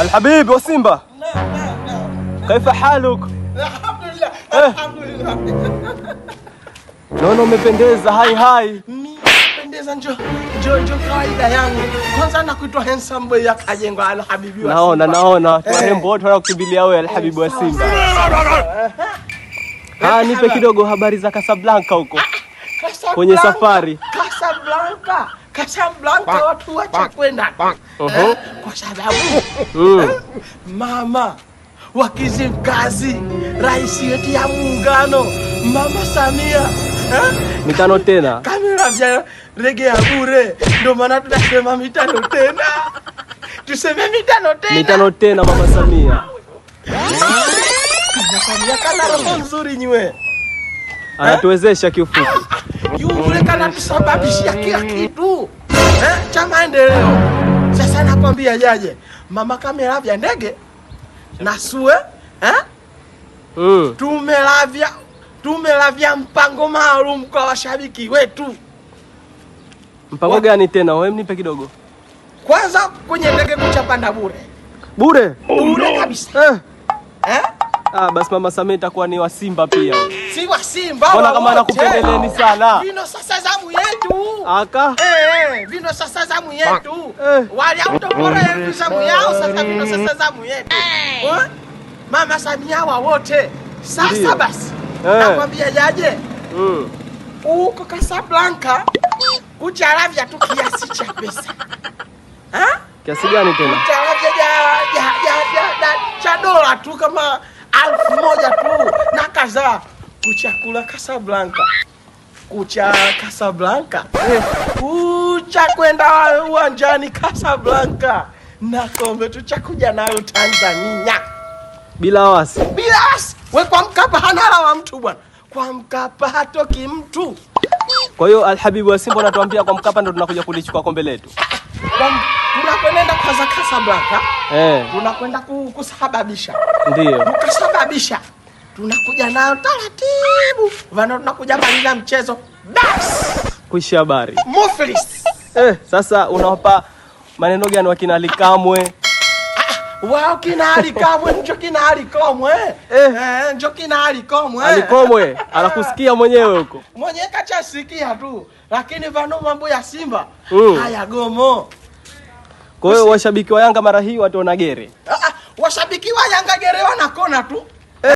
Alhabibi wa Simba, kaifa haluk? Alhamdulillah, eh. alhamdulillah. Naona umependeza hai hai. Nimependeza, njo njo njo kawaida yangu. Kwanza nakuitwa handsome boy ya Alhabibi wa Simba. Naona naona warembo eh. tunakukimbilia wewe Alhabibi wa Simba. Eh. Ah, nipe kidogo habari za Casablanca huko ah, ah, kwenye safari Casablanca. Casablanca watu wachakwenda eh, uh-huh. kwa sababu uh. eh, mama wa Kizimkazi, rais yetu ya muungano, mama Samia eh, mitano tena, kamera rege ya bure. Ndio maana tunasema mitano tena, tuseme mitano tena, mitano tena, mama Samia. Mama Samia kana roho nzuri nywe, anatuwezesha kiufupi yule kanatusababishia kila kitu eh, cha maendeleo. Sasa nakwambia jaje, mama kamelavya ndege na sue eh? Uh, tumelavya tumelavya mpango maalum kwa washabiki wetu. Mpango gani tena? Wewe mnipe kidogo kwanza, kwenye ndege kuchapanda bure bure bure kabisa eh. Eh? Ah, basi Mama Samia itakuwa ni wa Simba pia. Si wa Simba. Mbona kama nakupendeleni sana? Vino sasa zamu yetu. Aka. Eh, eh, vino sasa zamu yetu. Eh. Wale autobora yetu zamu yao sasa vino sasa zamu yetu. Eh. Oh? Mama Samia wa wote. Sasa basi. Eh. Nakwambia yaje. Mm. Uko Casablanca kucharavya tu kiasi cha pesa. Ha? Kiasi gani tena? Kucharavya ya ya ya cha dola tu kama alfu moja tu na kadhaa kuchakula Casablanca kucha Casablanca kucha kwenda uwanjani Casablanca na kombe tuchakuja nayo Tanzania bila wasi bila wasi. We kwa Mkapa hana wa mtu bwana, kwa Mkapa hatoki mtu. Kwa hiyo Alhabibu wa Simba anatuambia kwa Mkapa ndo tunakuja kulichukua kombe letu. Ah, ah tunakwenda kwanza Casablanca eh, tunakwenda kusababisha, ndio tukasababisha, tunakuja nayo taratibu vana, tunakuja maliza mchezo basi, kuishi habari Muflis. Eh, sasa unawapa maneno gani wakina Alikamwe? wao kina Kamwe Kamwe eh, eh Kamwe. anakusikia mwenyewe ah, huko, mwenyewe kachasikia tu, lakini vanu mambo ya Simba mm. haya gomo. Kwa hiyo washabiki wa Yanga mara hii wataona gere, ah, ah, washabiki wa Yanga gere wanakona tu